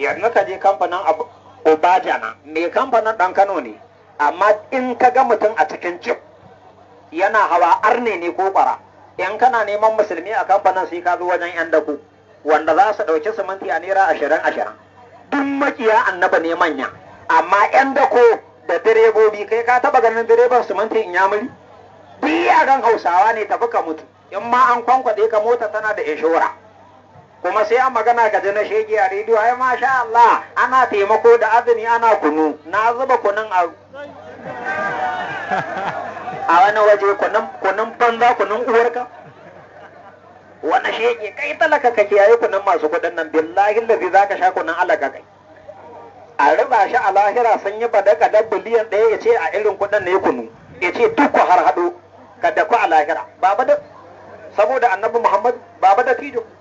yanzu ka je kamfanin obada na mai kamfanin ɗan kano ne amma in ka ga mutum a cikin jib yana hawa arne ne ko ƙwara. Yan kana neman musulmi a kamfanin sai ka zo wajen yan dako wanda za su ɗauki siminti a naira ashirin ashirin duk makiya annaba ne manya amma yan dako da direbobi kai ka taba ganin direban siminti in ya Biya duk yaran hausawa ne tafi ka mutu in ma an kwankwaɗe ka mota tana da inshora kuma sai an magana ga na shege a rediyo ai masha Allah ana taimako da azumi ana kunu na zuba kunun a a wani waje kunun banza kunun uwarka wani shege kai talaka ka kiyaye kunun masu kudin nan billahi lafi za ka sha kunun alaka kai a riba shi a lahira sun yi badaka da biliyan ɗaya ya ce a irin kudin ne kunu ya ce duk har haɗo ka daku a lahira babu da saboda annabi muhammad babu da tijo